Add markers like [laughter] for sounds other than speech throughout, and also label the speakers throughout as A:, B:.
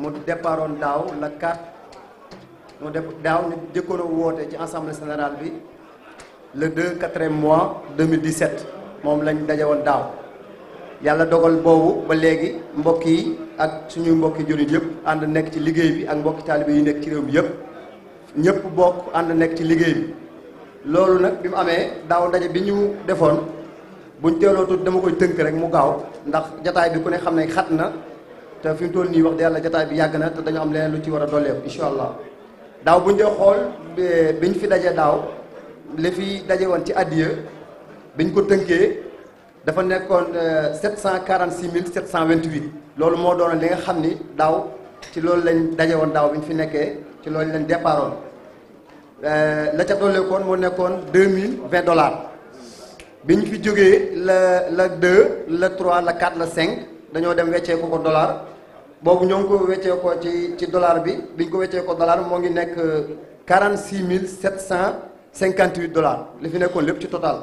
A: mu départoon daaw la 4 mu def daaw ñu jëkkoon a woote ci assemblée générale bi le 2 mois e mois 2017 moom lañ daje woon daaw yàlla dogal boobu ba léegi mbokk yi ak suñu mbokki jullit yëpp ànd nekk ci liggéey bi ak mbokki taalibe yi nekk ci réew mi yëpp ñëpp bokk ànd nekk ci liggéey bi loolu nag bi mu amee daaw ndaje bi ñu defoon buñ teelootu dama koy tënk rek mu gaaw ndax jataay bi ku ne xam ne xat na te fi mu toll nii wax de yàlla jataay bi yàgg na te dañu am leneen lu ci war a dolleeku incha allah daaw bu ñu dee xool bi ñu fi dajee daaw li fi dajee woon ci addiya biñ ko tënkee dafa nekkoon euh, vingt 728 loolu moo doon li nga xam ni daaw ci loolu lañ daje woon daaw ñu fi nekkee ci loolu lañ départoon euh, la ca dolleekoon moo nekkoon 2020 dollars biñ fi jógee la la 2 la 3 la 4 la 5. dañoo dem weccee ko ko dollar boobu ñoo ngi ko weccee ko ci ci dollar bi bi ñu ko weccee ko dollar moo ngi nekk mille 46 758 dollars li fi nekkoon lépp ci total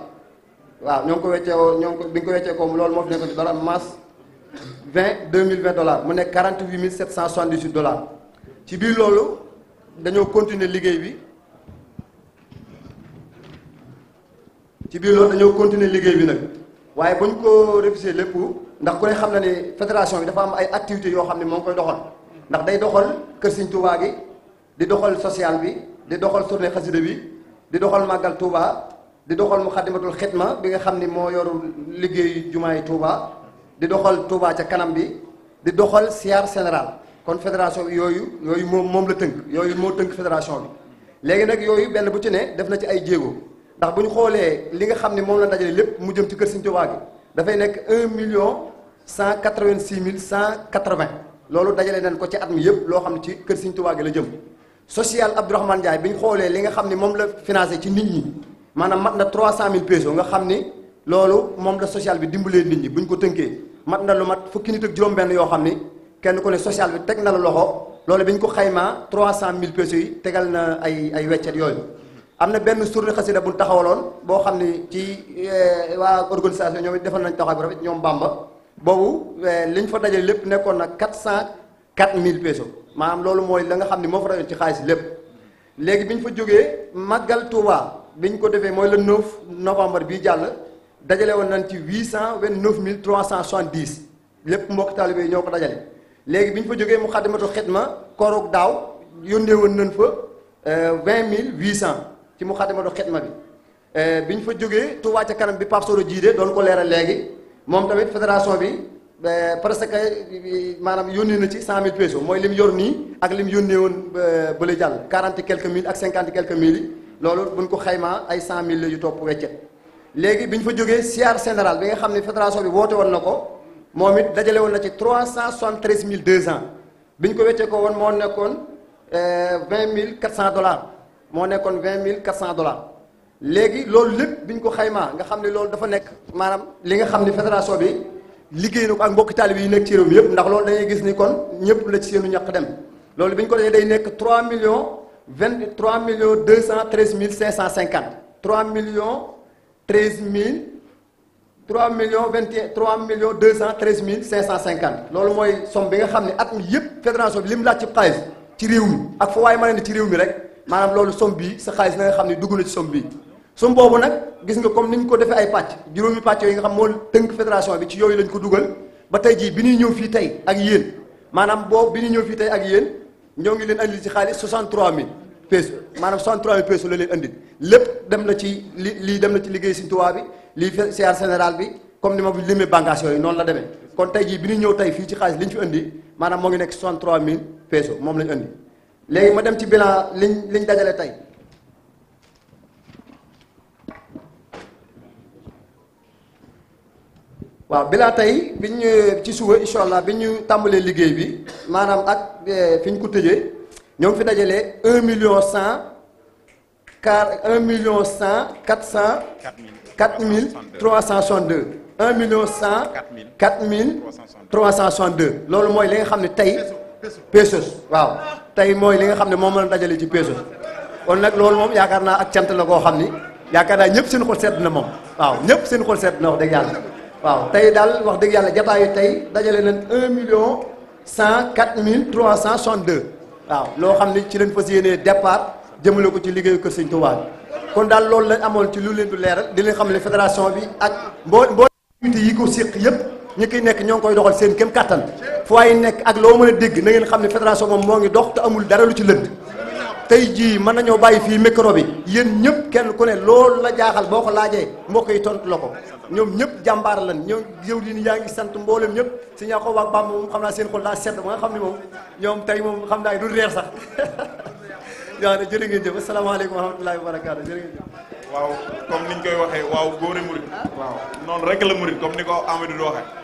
A: waaw ñoo ngi ko weccee woo ñoo ngi ko bi ñu ko weccee ko loolu moo fi nekkoon ci dollar masse mille 2020 dollars mu nekk 48 778 dollars ci biir loolu dañoo continuer liggéey bi ci biir loolu dañoo continuer liggéey bi nag. waaye ba ñu ko révisé lépp ndax ku xam na ne fédération bi dafa am ay activités yoo xam ne moo koy doxal ndax day doxal kër Sëñ Touba gi di doxal social bi di doxal tournée xasida bi di doxal màggal Touba di doxal Muxaddamatul ma bi nga xam ni moo yoru liggéey yi Touba di doxal Touba ca kanam bi di doxal siyaar général kon fédération bi yooyu yooyu moom moom la tënk yooyu moo tënk fédération bi léegi nag yooyu benn bu ci ne def na ci ay jéego. ndax bu ñu xoolee li nga xam ne moom la dajale lépp mu jëm ci kër Serigne Touba gi dafay nekk un million cent 186 mille 180 loolu dajale nañ ko ci at mi yëpp loo xam ne ci kër Serigne Touba gi la jëm social Abdourahmane Ndiaye bi ñu xoolee li nga xam ni moom la financé ci nit ñi maanaam mat na 300 mille pesos nga xam ni loolu moom la social bi dimbalee nit ñi bu ñu ko tënkee mat na lu mat fukki nit ak juróom-benn yoo xam ni kenn ku ne social bi teg na la loxo loolu bi ñu ko xaymaa 300 mille pesos tegal na ay ay weccet yooyu. am na benn surni xasida bu ñu taxawaloon boo xam ni ci eh, waa organisation ñoom it defal nañ taxaw bu rafet ñoom Bamba boobu eh, liñ fa dajale lépp nekkoon na quatre cent quatre mille pesos maanaam loolu mooy la nga xam ni moo fa rayoon ci xaalis lépp léegi bi ñu fa jógee màggal Touba bi ñu ko defee mooy le 9 novembre bii jàll dajale woon nañ ci huit cent vingt neuf mille trois cent soixante dix lépp mbokk taalibe yi ñoo ko dajale léegi bi ñu fa jógee mu xaddimatu xidma koroog daaw yónnee woon nañ fa eh, vingt mille huit cent mu ci Muxaddamatul ma bi eh, bi ñu fa jógee Touba ca kanam bi Pape Soro jiite doon ko leeral léegi moom tamit fédération bi eh, parce que maanaam yónnee na ci cent mille pesos mooy lim yor nii ak lim yónnee woon eh, bële jàll quarante quelques mille ak cinquante quelques mille yi loolu buñ ko xaymaa ay cent mille yu topp weccet léegi bi ñu fa jógee siyaar sénéral bi nga xam ne fédération bi woote woon na ko moom it dajale woon na ci trois cent soixante treize mille deux cent bi ñu ko weccee woon moo nekkoon vingt mille quatre cent dollars moo nekkoon vingt mille quatre cent dollars léegi loolu lépp bi ñu ko xaymaa nga xam ne loolu dafa nekk maanaam li nga xam ne fédération bi liggéey na ko ak mbokki taalib yi nekk ci réew mi yëpp ndax loolu dañuy gis ni kon ñëpp la ci seenu ñaq dem loolu bi ko dajee day nekk trois millions vingt trois millions deux cent treize mille cinq cent cinquante trois millions treize mille trois millions vingt et trois millions cent treize mille cinq cent cinquante loolu mooy somme nga xam ne at mi yëpp fédération laaj ci xaalis ci réew ak fa waaye ma ne ci réew mi rek maanaam loolu somme bii sa xaalis na xam ne dugg na ci somme bii somme boobu nag gis nga comme ni ñu ko defee ay pàcc juróomi pàcc yooyu nga xam moo tënk fédération bi ci yooyu lañ ko dugal ba tey jii bi ñuy ñëw fii tey ak yéen maanaam boobu bi ñuy ñëw fii tey ak yéen ñoo ngi leen andil ci xaalis 63000 pesos maanaam 63000 pesos la leen indi lépp dem na ci li lii dem na ci liggéey Sëriñ Tuubaa bi lii siyaar général bi comme ni ma limee bàngaas yooyu noonu la demee kon tey jii bi ñu ñëw tey fii ci xaalis ñu fi indi maanaam moo ngi nekk 63000 pesos moom lañ indi léegi ma dem ci bilan liñ liñ dajale tey waaw bilan tey bi ñu ci suba incha allah bi ñu tàmbalee liggéey bi maanaam ak eh, fi ñu ko tëjee ñoom fi dajalee un million cent car un million cent quatre cent quatre mille trois cent soixante deux un million cent quatre mille trois cent soixante deux loolu mooy li nga xam ne tey pesos waaw tey mooy li nga xam ne moom la dajalee ci peso kon nag lool moom yaakaar naa ak cant la koo xam ni yaakaar naa ñëpp seen xol sedd na moom waaw ñëpp seen xol sedd na wax dëgg yàlla waaw tey daal wax dëgg yàlla jataayu tey dajale na un million cent quatre mille trois cent soixante deux waaw loo xam ni ci lañ si yéenee départ jëmale ko ci liggéeyu Kër Sëñ Tuubaa bi kon daal loolu lañ amoon ci lu leen du leeral di leen xam ne fédération bi ak mboo mboo yi ko séq yëpp ñi koy nekk ñoo ngi koy doxal seen kem kàttan fu waay nekk ak loo mën a dégg na ngeen xam ne fédération moom moo ngi dox te amul dara lu ci lënd tey jii mën nañoo bàyyi fii micro bi yéen ñëpp kenn ku ne loolu la jaaxal boo ko laajee mbokk yi tontu la ko ñoom ñëpp jàmbaar lan ñëw jëw li ni yaa ngi sant mboolem ñëpp si ñaa ko waa Bàmb moom xam naa seen xol daa sedd ba nga xam ne moom ñoom tey moom xam naa du reer sax yaa [laughs] ne jërë ngeen jëf asalaamaaleykum wa rahmatulahi wa barakaatu jërë ngeen koy waxee waaw góore murit waaw noonu rek la murit comme ni ko Amadou di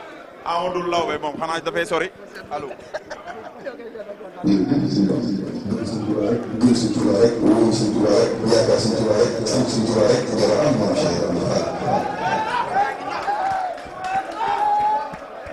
A: Amadou Lawbe moom xanaa dafay sori allo. rek rek